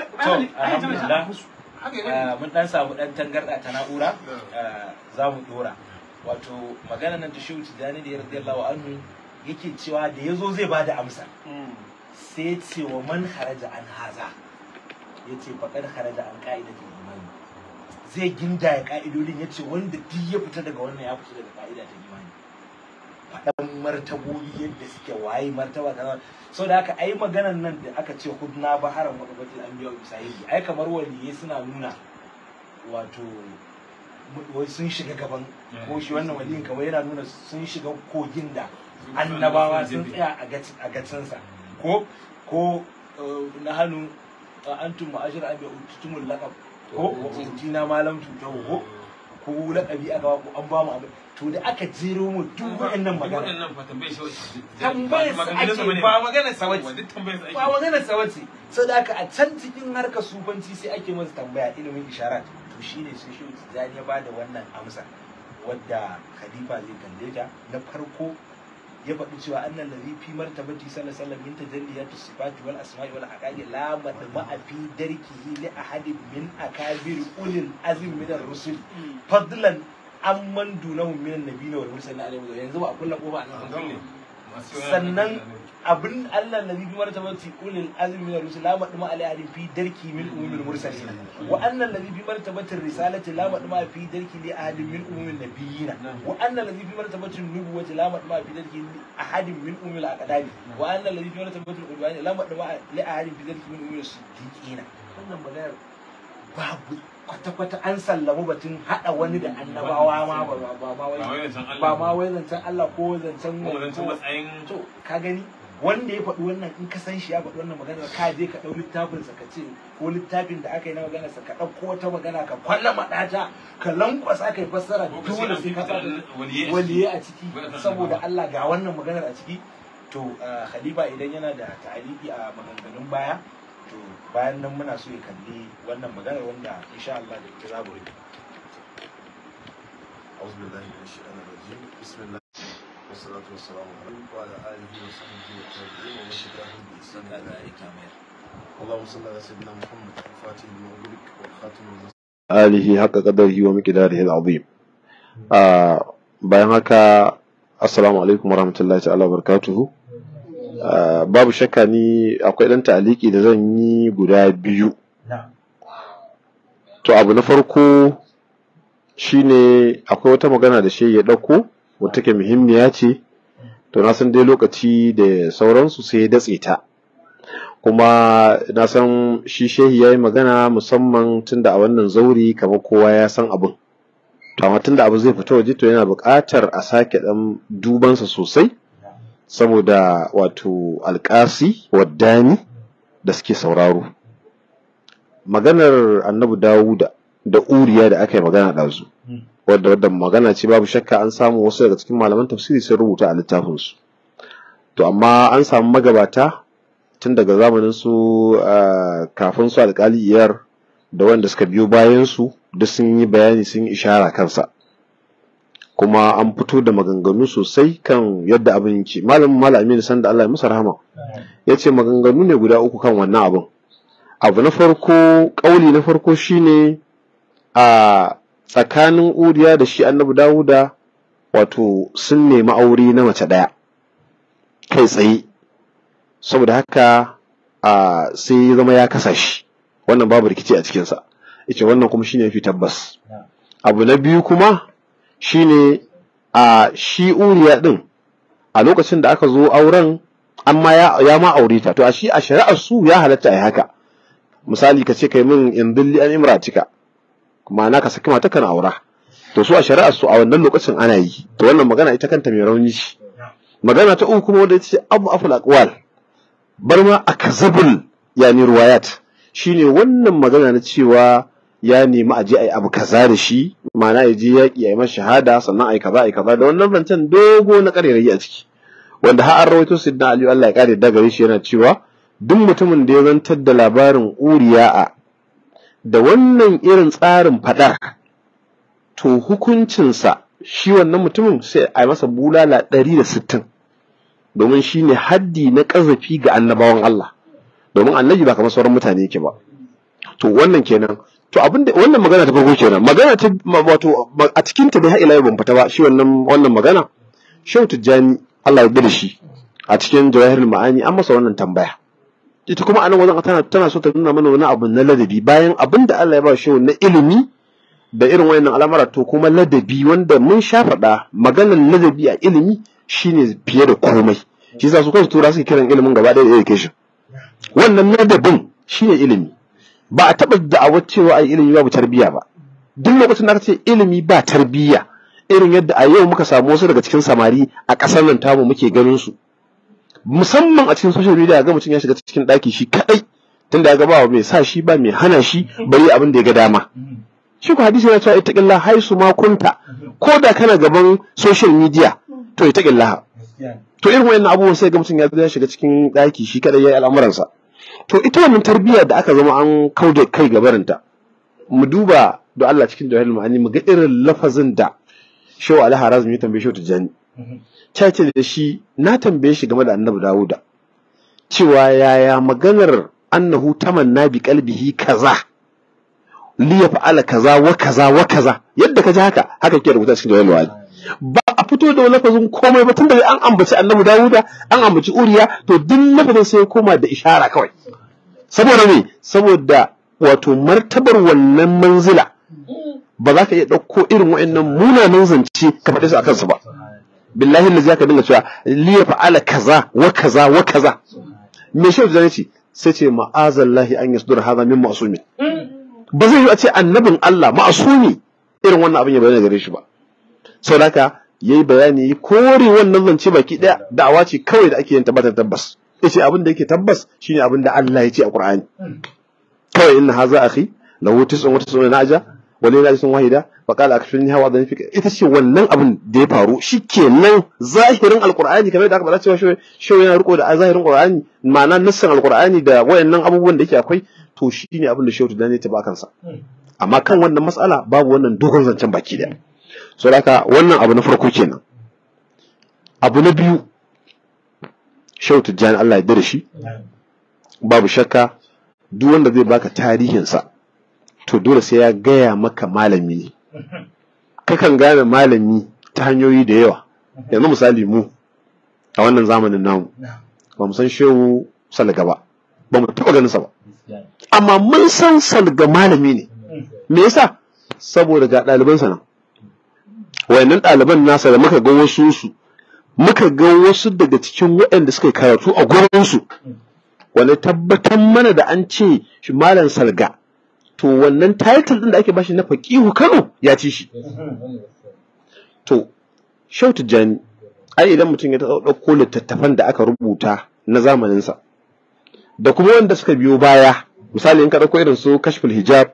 to alhamdulillah mun dan samu dan tangarda ta na'ura za mu dora wato magana nan ta shehu tijjani da ya radiyallahu anhu yake cewa da ya zo zai ba da amsa sai ce wa man haraja an haza ya ce faƙar haraja an ƙa'ida ta imani zai gindaya ƙa'idolin ya ce wanda duk ya fita daga wannan ya fita daga ƙa'ida ta imani martabobi yadda suke waye martaba kaza so da haka ai maganan nan da aka ce hudna baharan wa batil anbiya wa sahihi ai kamar waliye suna nuna wato wai sun shiga gaban ko shi wannan waliyin kamar yana nuna sun shiga kogin da annabawa sun tsaya a sa ko ko uh, na hannu antum ma'ashir abi utumul laqab ko ko utina malam tutahu ko ko laqabi aka ba ku an ba mu abin to da aka jero mu duk waɗannan magana tambayar sa ake ba magana sawaci ba magana sawaci da aka a can cikin harkar sufanci sai ake masa tambaya ilimin isharat to shine sai shi tijani ya bada wannan amsa wadda khalifa zai kalle ta na farko ya faɗi cewa annan lazi fi martabati sallallahu alaihi wasallam tajalliyatu sifati wal asma'i wal haqaqi la matba'a fi darkihi li ahadin min akabir ulil azmi min ar-rusul hmm. fadlan an man amman min minan nabiyina wal mursalina alaihi wasallam yanzu ba a kulla kofa a kulle sannan abin Allah nabi bi martaba ti ulil azmi min rusul la madma alai hadin fi darki min umumil mursalin wa anna alladhi bi martabati risalati la madma fi darki li ahadin min umumil nabiyina wa anna alladhi bi martabati nubuwati la madma fi darki li ahadin min umumil aqdami wa anna alladhi bi martabati ulwani la madma li ahadin fi darki min umumil siddiqina wannan maganar babu kwata-kwata an sallamu batun haɗa wani da annabawa ma ba ma wai zancen Allah ko zancen matsayin to ka gani wanda ya faɗi wannan in ka san shi ya faɗi wannan maganar ka je ka ɗau littafinsa ka ce ko littafin da aka yi na maganarsa ka ɗauko wata magana ka kwalla maɗata ka lankwasa ka yi fassara duk wanda sai ka waliye a ciki saboda Allah ga wannan maganar a ciki to eh, khalifa idan yana da ta'aliki a maganganun baya to bayan nan muna so ya kalli wannan magana wanda insha Allah da ita za mu rufe أعوذ بالله من الشيطان الرجيم بسم الله والصلاة والسلام على وعلى آله وصحبه ومن تبعهم بإحسان إلى يوم اللهم صل على سيدنا محمد الفاتح آله حق قدره ومقداره العظيم bayan haka assalamu alaikum warahmatullahi ta'ala barakatuhu Ah, babu shakka ni akwai ɗan taliki da zan yi guda biyu to abu na farko shine akwai wata magana da shi ya ɗauko wata ke muhimmiya ce to na san dai lokaci da sauransu sai ya datse ta kuma na san shi shehi ya yi magana musamman tunda a wannan zauri kamar kowa ya san abin to amma tunda abu zai fita waje to yana buƙatar a sake ɗan dubansa sosai saboda wato alƙasi waddani da suke sauraro maganar annabi dawuda da uriya da aka yi magana ɗazu wadda wadda magana ce babu shakka an samu wasu daga cikin malaman tafsiri sun rubuta a littafinsu to amma an samu magabata tun daga zamanin su kafin su alƙali iyar da wanda suka biyo bayan su duk sun yi bayani sun ishara kansa kuma an fito da maganganu sosai kan yadda abin yake malamin Malamin, san sanda Allah ya masa rahama ya ce maganganu ne guda uku kan wannan abin abu na farko kauli na farko shine a tsakanin uriya da shi annabi dawuda wato sun nemi aure na mace ɗaya kai tsaye saboda haka a sai zama ya kasa shi wannan babu rikici a cikinsa ita wannan kuma shine fi tabbas abu na biyu kuma shine a shi uriya din a lokacin da aka zo auren amma ya ma aure ta to a shi a shari'ar su ya halatta ai haka misali ka ce kai min in dilli an imratika na ka saki mata kana aura to su a shari'ar su a wannan lokacin ana yi to wannan magana ita kanta mai rauni shi. magana ta uku kuma wanda ce abu aful aqwal bar ma akazabul yani riwayat shine wannan magana na cewa ya nemi a je a yi abu kaza da shi mana ya je ya yi masa shahada sannan a yi kaza a yi kaza da wannan rancen dogo na ƙarerayi a ciki wanda har an rawaito da aliyu Allah ya kare daga shi yana cewa duk mutumin da ya zantar da labarin uriya a da wannan irin tsarin faɗar to hukuncinsa shi wannan mutumin sai a yi masa bulala ɗari da sittin domin shi ne haddi na ƙazafi ga annabawan Allah domin annabi ba kamar sauran mutane yake ba to wannan kenan to abin da wannan magana ta farko kenan magana ta wato a cikin ta dai har ila yau ban fita ba shi wannan wannan magana Shehu Tijjani Allah ya gida shi a cikin Jawahirul Ma'ani an masa wannan tambaya ita kuma anan wajen tana tana so ta nuna mana wani abu na ladabi bayan abin da Allah ya ba Shehu na ilimi da irin wayannan al'amara to kuma ladabi wanda mun sha faɗa maganar ladabi a ilimi shine fiye da komai shi yasa su kansu tura suke kiran ilimin gaba ɗaya da education wannan ladabin shine ilimi ba a taɓa da'awar cewa a ilimi babu tarbiyya ba duk lokacin da aka ce ilimi ba tarbiyya irin yadda a yau muka samu wasu daga cikin samari a ƙasar nan tamu muke ganin su musamman a cikin social media ga mutum ya shiga cikin ɗaki shi kaɗai tunda ya gaba mai sa shi ba mai hana shi bari abin da ya ga dama shi ku hadisi yana cewa ittaqillah su ma kunta ko da kana gaban social media to ittaqillah to irin wannan abubuwan sai ga mutum ya shiga cikin ɗaki shi kaɗai ya yi al'amuransa to ita wannan tarbiyyar da aka zama an kauda kai ga barinta mu duba da Allah cikin jawahir ma'ani mu ga irin lafazin da shehu Ali Harazmi ya tambaye shehu Tijjani ta ce da shi na tambaye shi game da Annabi Dawuda cewa yaya maganar annahu tamanna bi qalbihi kaza li yaf'ala kaza wa kaza wa kaza yadda ka ji haka haka ke rubuta cikin jawahir ma'ani ba fito da lafazin komai ba tun da an ambaci annabi Dawuda an ambaci Uriya to duk lafazin sai ya koma da ishara kawai saboda me saboda wato martabar wannan manzila ba za ka iya ɗauko irin wa'annan munanan zance ka faɗi su a kansu ba billahi lazi ka dinga cewa li ya fa'ala kaza wa kaza wa kaza me shi da ce sai ce ma'azallahi an yasdur hadha min ma'sumi ba zai yi a ce annabin Allah ma'sumi irin wannan abin ya bayyana gare shi ba da haka ya yi bayani ya kore wannan zance baki Da da'awa ce kawai da ake yin ta tabbas tabbas ce abin da yake tabbas shine abin da Allah ya ce a Qur'ani kawai inna haza akhi lahu tis'un wa tis'una naja wa lana tis'un wahida fa qala akfirni hawa dhan fika ita ce wannan abin da ya faru shikenan zahirin alqur'ani kamar da aka bada cewa shi yana riko da zahirin alƙur'ani. ma'ana nassan alqur'ani da wayannan abubuwan da yake akwai to shine abin da shehu da ne ta ba kansa. Hmm. amma kan wannan matsala babu wannan dogon zancen baki daya so wannan abu na farko kenan abu na biyu shau tijjani Allah ya dare shi babu shakka duk wanda zai baka tarihinsa to dole sai ya gaya maka malami ne kakan gane malami ta hanyoyi da yawa yanzu misali mu a wannan zamanin namu ba mu san shehu salga ba ba mu taɓa ganinsa ba amma mun san salga malami ne me yasa saboda ga ɗalibansa nan wayannan ɗaliban nasa da muka ga wasu su muka ga wasu daga cikin waɗanda suka karatu a su, wani tabbatar mana da an ce shi malam salga to wannan title ɗin da ake bashi na faqihu Kano ya ci shi to Shehu Tijjani ai idan mutum ya ɗauko littattafan da aka rubuta na zamanin sa, da kuma wanda suka biyo baya misali in ka ɗauko irin su kashful hijab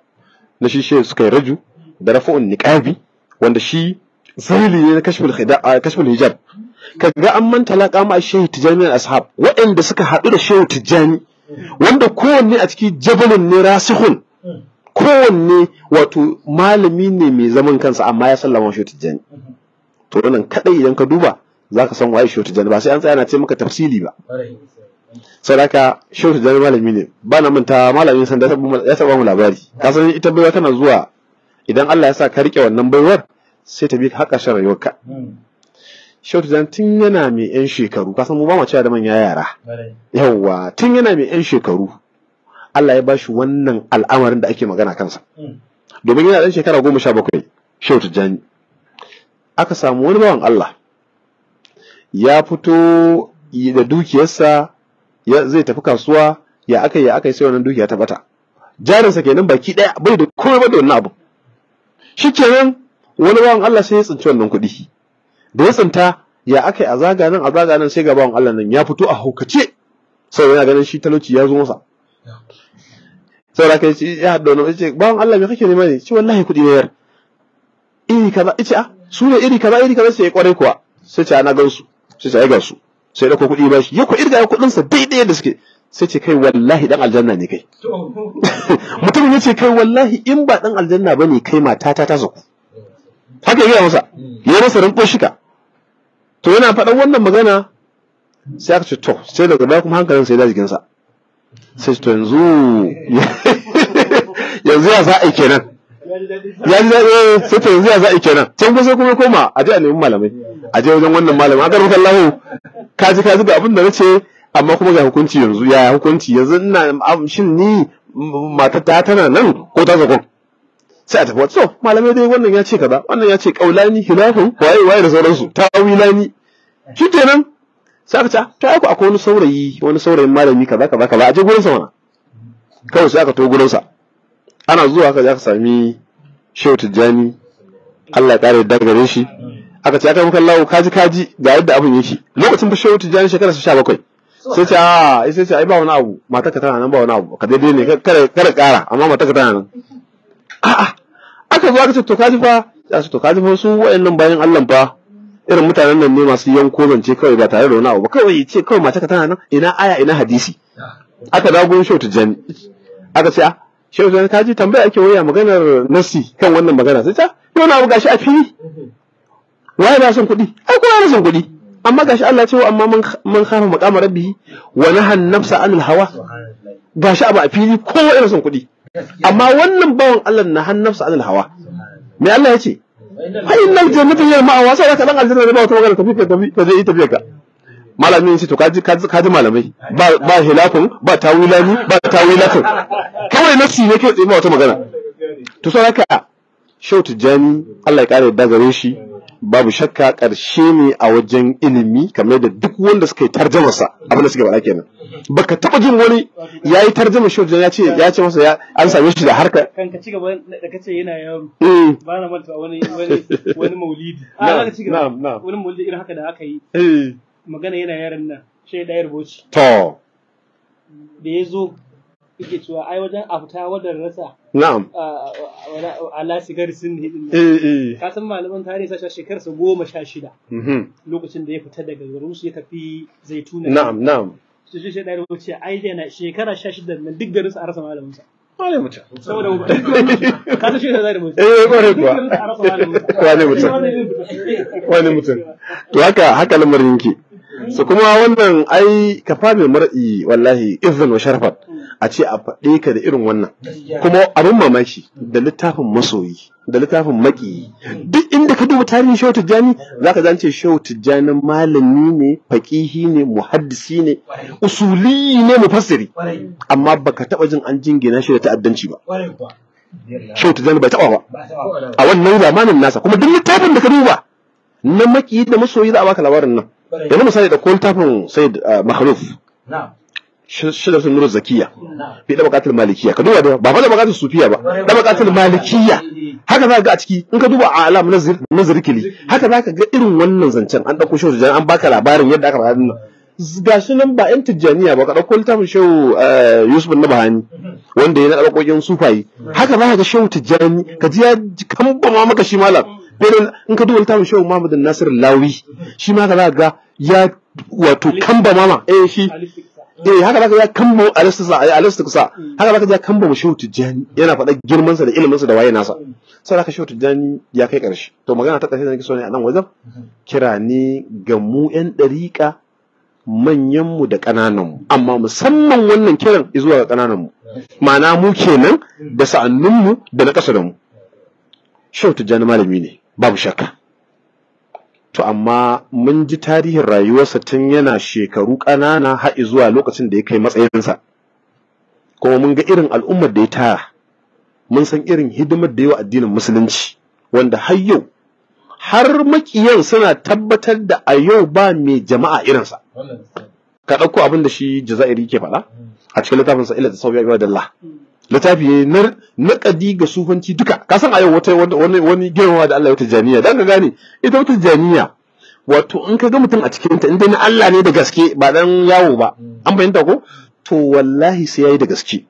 na shi suka yi raju da rafu'un niqabi wanda shi sirri ne na kashful hijab. hijab kaga an manta laƙa ma shehu tijani al ashab waɗanda suka haɗu da shehu tijani wanda kowanne a cikin jabalin ne rasihun kowanne wato malami ne mai zaman kansa amma ya sallama shehu tijani to nan kadai idan ka duba zaka san waye shehu tijani ba sai an tsaya na ce maka tafsili ba sadaka shehu tijani malami ne ba na manta malamin sanda ya taɓa mu labari ka san ita baiwa tana zuwa idan Allah ya sa ka rike wannan baiwar sai ta bi haƙa shan rayuwarka hmm. Shautu zan tun yana mai yan shekaru kasan mu ba mu da manya yara yawwa tun yana mai yan shekaru Allah ya bashi wannan al'amarin da ake magana kansa hmm. domin yana ɗan shekara goma sha bakwai Shautu aka samu wani bawan Allah ya fito da dukiyarsa zai tafi kasuwa ya aka ya aka sai wannan dukiya ta bata jarinsa kenan baki ɗaya, bai da komai ba da wannan abu shikenan wani bawan Allah sai ya tsinci wannan kuɗi da ya tsinta ya aka yi a zaga nan a zaga nan sai ga bawan Allah nan ya fito a haukace sau yana ganin shi talauci ya zo masa sau da kai ya haɗa wani ce bawan Allah me kake nema ne Ci wallahi kuɗi ne yar iri kaza ice a ah, su ne iri kaza iri kaza sai ya kware eh, kuwa sai ce ana ah, gansu sai ce ai gansu sai ɗauko kuɗi ba shi ya ku irga kuɗinsa daidai da suke sai ce kai wallahi dan aljanna ne kai mutumin ya ce kai wallahi in ba dan aljanna ba ne kai matata ta zaku haka ya masa mm. ya masa rinko shika to yana faɗan wannan magana sai aka ce to sai daga baya kuma hankalin sai da sa. sai to yanzu yanzu ya zaa kenan ya ji daɗi eh, sai to yanzu ya zaa a kenan can kusa kuma koma a je a nemi malamai a je wajen wannan malamin aka rubuta Allahu ka ji ka ji ga abin da na ce amma kuma ga hukunci yanzu ya hukunci yanzu ina shin ni matata tana nan ko ta zakon sai a tafi wata so malamai dai wannan ya ce kaza wannan ya ce kaulani hilafin waye waye da sauransu tawilani shikenan sai aka ce ah, ta aiko akwai wani saurayi wani saurayin malami kaza kaza kaza a je gurin sa mana kawai sai aka to gurin sa ana zuwa aka za aka sami Shehu Tijjani Allah ya kare dagare shi aka ce aka muka lawo kaji kaji ga yadda abin yake lokacin fa Shehu Tijjani shekara 17 sai ce a ah, sai ce ai ba wani abu matarka tana nan ba wani abu ka daidai ne kada ƙara. kara amma matarka tana nan a'a aka zo aka ce to kaji fa ya ce to kaji fa su wayannan bayan Allah fa irin mutanen nan ne masu yanko zance kawai ba tare da wani abu ba kawai ce kawai mace ka tana nan ina aya ina hadisi aka dawo gurin shehu Jami. aka ce a ah, shehu ta kaji tambaya ake waya maganar nasi kan wannan magana sai ta na abu gashi a fili waye ba son kuɗi ai kuma yana son kuɗi amma gashi Allah ce wa amma man khafa maqama rabbi wa nahan nafsa anil hawa gashi abu a fili kowa yana son kuɗi amma wannan bawan Allah na hannun su anil hawa me Allah ya ce fa innal jannata hiya ma'awa sai ka dan aljanna ba wata magana tafi ka tafi ka je tafi ka malamin shi to kaji kaji malamai ba ba hilafin ba tawilani ba tawilatin kawai nafsi ne kai tsaye wata magana to sai haka Shehu Tijjani Allah ya kare da gare shi babu shakka ƙarshe ne a wajen ilimi kamar da duk wanda suka yi tarjamasa abin da suke faɗa kenan baka taɓa jin wani ya yi tarjama shi wajen ya ce ya ce masa ya an same shi da harka kan ka ci gaba da kace yana yaro eh. ba na manta wani wani maulidi ah, a ci gaba wani maulidi irin haka da aka yi eh. magana yana yaron nan shi da yarboci to da ya zo yake cewa ai wajen afta wadan rasa na'am A lasigar sun hidin eh ka san malaman tare sa shekar sa goma sha shida mhm. lokacin da ya fita daga garin su ya tafi zaituna na'am na'am su shi shaidari ce ai dai shekara sha shida nan duk garin su a rasa malamin sa Kwane mutum. Saboda ka ta shi da zai mutum. Eh kwane kuwa. Kwane mutum. Kwane mutum. To haka haka lamarin yake. su kuma wannan ai kafa mai mar'i wallahi izin wa sharfat mm. a ce a faɗe ka da irin wannan kuma abin mamaki da littafin masoyi da littafin maƙiyi duk inda ka duba tarihin shehu tijjani za ka zance shehu tijjani malami ne faƙihi ne muhaddisi ne usuli ne mufassiri amma baka taɓa jin an jingina shi da ta'addanci ba shehu tijjani bai taɓa ba a wannan zamanin nasa kuma duk littafin da ka duba na maƙiyi da masoyi za a baka labarin nan yanzu misali da ko littafin sayyid eh, mahruf shida sun nuru zakiya bai da bakatul malikiya ka duba ba fa da bakatul sufiya ba da bakatul malikiya haka za ga a ciki in ka duba a alam na zirkili haka za ka ga irin wannan zancen an dauko shehu tijjani an baka labarin yadda aka faɗa ga shi nan ba yan tijjaniya ba ka dauko littafin shehu eh, yusuf na bahani wanda ya na ɗaukokin sufayi haka za ka ga shehu tijjani ka ji ya kamba ma maka shi malam bayan in ka duba littafin shehu Muhammad Nasir Lawi shi ma ka za ga ya wato kamba mama eh shi eh haka zaka ya sa? A eh, ai kusa, mm. haka zaka ya kamma shehu Jani? yana faɗa girman sa da ilimin sa da waye nasa mm. sai zaka shehu Jani ya kai ƙarshe to magana ta ƙarshe da nake so ne a nan wajen mm-hmm. kira ni ga mu yan dariqa manyan mu da kananan amma musamman wannan kiran zuwa ga kananan mu mm-hmm. ma'ana mu kenan mm. da sa'annun mu da na ƙasa da mu shautu Jani malami ne babu shakka to amma mun ji tarihin rayuwarsa tun yana shekaru ƙanana har zuwa lokacin da ya kai matsayinsa kuma mun ga irin al'ummar da ya taya mun san irin hidimar da yawa addinin musulunci wanda har yau har makiyan suna tabbatar da a yau ba mai jama'a irinsa ka ɗauko abin da shi jaza'iri ke faɗa a cikin littafin sa ila sauya ya bi Allah. Hmm. littafi ne na kadi ga sufanci duka ka san a yau wata wani wani girmama da Allah wata jami'a. dan ka gane ita wata janiya wato in ka ga mutum a cikin ta in na Allah ne da gaske ba dan yawo ba an fahimta ko to wallahi sai yayi da gaske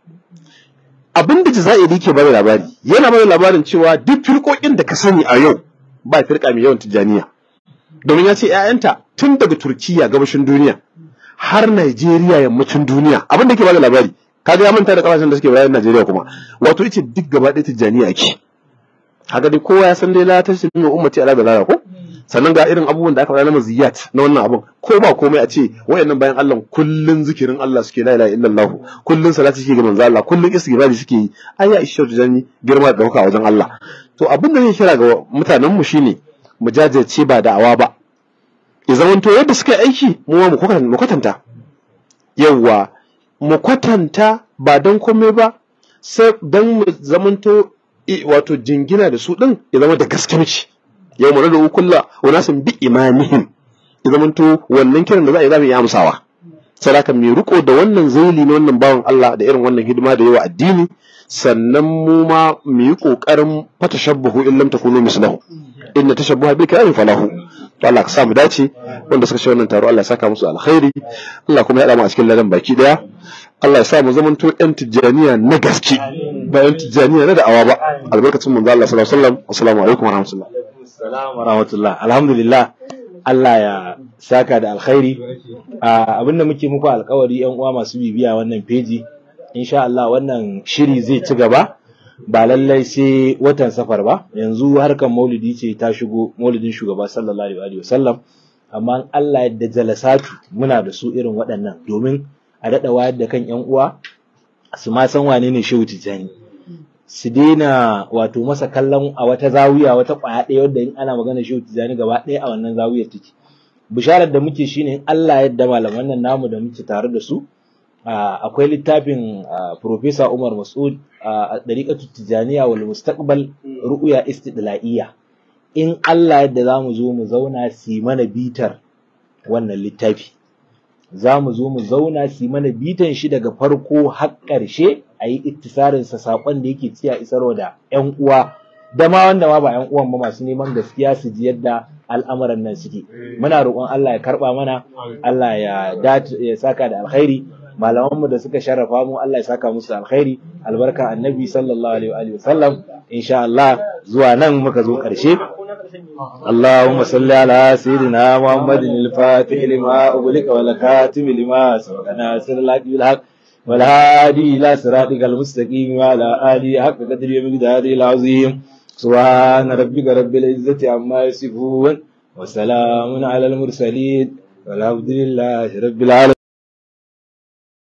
abin da Jaza'iri ke bada labari yana bada labarin cewa duk firkokin da ka sani a yau ba firka mai yawan tijaniya domin ya ce 'ya'yanta tun daga Turkiya gabashin duniya har Najeriya yammacin duniya abin da ke bada labari kaga ya manta da kasashen da suke bayan Najeriya kuma wato ita duk gaba ɗaya tijjaniya ke? kaga dai kowa ya san dai la tashri min ummati ala dalala ko sannan ga irin abubuwan da aka faɗa na maziyat na wannan abun ko ba komai a ce wayannan bayan Allah kullun zikirin Allah suke la ilaha illallah kullun salati suke ga manzo Allah kullun istighfari suke yi An ya ishe jani girma da dauka wajen Allah to abin da zai kira ga mutanen mu shine mu jajirce ba da'awa ba ya to yadda suka aiki mu ma mu kwatanta yawwa mu kwatanta ba don komai ba sai don mu zamanto wato jingina da su ɗin ya zama da gaskiyarci yau mu da ukulla wa nasin bi imanihim ya zamanto wannan kiran da za a yi za mu iya amsawa sadaka mai riko da wannan zaili na wannan bawan Allah da irin wannan hidima da yawa addini sannan mu ma mu yi kokarin fatashabbahu in lam takunu mislahu inna tashabbaha bil kalam falahu to Allah ka sa mu dace wanda suka shi wannan taro Allah ya saka musu alkhairi Allah kuma ya da mu a cikin ladan baki daya Allah ya sa mu to yan tijaniya na gaske ba yan tijaniya na da'awa ba albarkacin manzo Allah sallallahu alaihi wasallam assalamu alaikum warahmatullahi wa warahmatullahi alhamdulillah Allah ya saka da alkhairi abin da muke muku alkawari yan uwa masu bibiya wannan feji insha Allah wannan shiri zai ci gaba ba lallai sai watan safar ba yanzu harkar maulidi ce ta shigo maulidin shugaba sallallahu alaihi sallam. amma Allah yadda jalasatu muna da su irin waɗannan domin a dada wayar da kan yan uwa su ma san wane ne Shehu Tijjani su daina wato masa kallon a wata zawiya wata kwaya ɗaya wadda in ana magana shi shehu tijjani gaba ɗaya a wannan zawiyar take bisharar da muke shine in Allah yadda malaman nan namu da muke tare da su akwai littafin Profesa Umar Mas'ud a dariqatu tijaniya wal mustaqbal ru'ya istidlaiya in Allah yadda zamu zo mu zauna su mana bitar wannan littafi za mu zo mu zauna su mana bitan shi daga farko har ƙarshe a yi ittisarinsa saƙon da yake ciya isarwa da 'yan uwa da ma wanda ma ba 'yan uwan ba masu neman gaskiya su ji yadda al'amuran nan suke muna roƙon Allah ya karɓa mana Allah ya ya saka da alkhairi malamanmu da suka sharrafa mu Allah ya saka musu alkhairi albarka annabi sallallahu alaihi wa sallam insha Allah zuwa nan muka zo ƙarshe اللهم صل على سيدنا محمد الفاتح لما أغلق والكاتب لما سبق ناصر الحق بالحق والهادي إلى صراطك المستقيم وعلى آله حق قدره ومقداره العظيم سبحان ربك رب العزة عما يصفون وسلام على المرسلين والحمد لله رب العالمين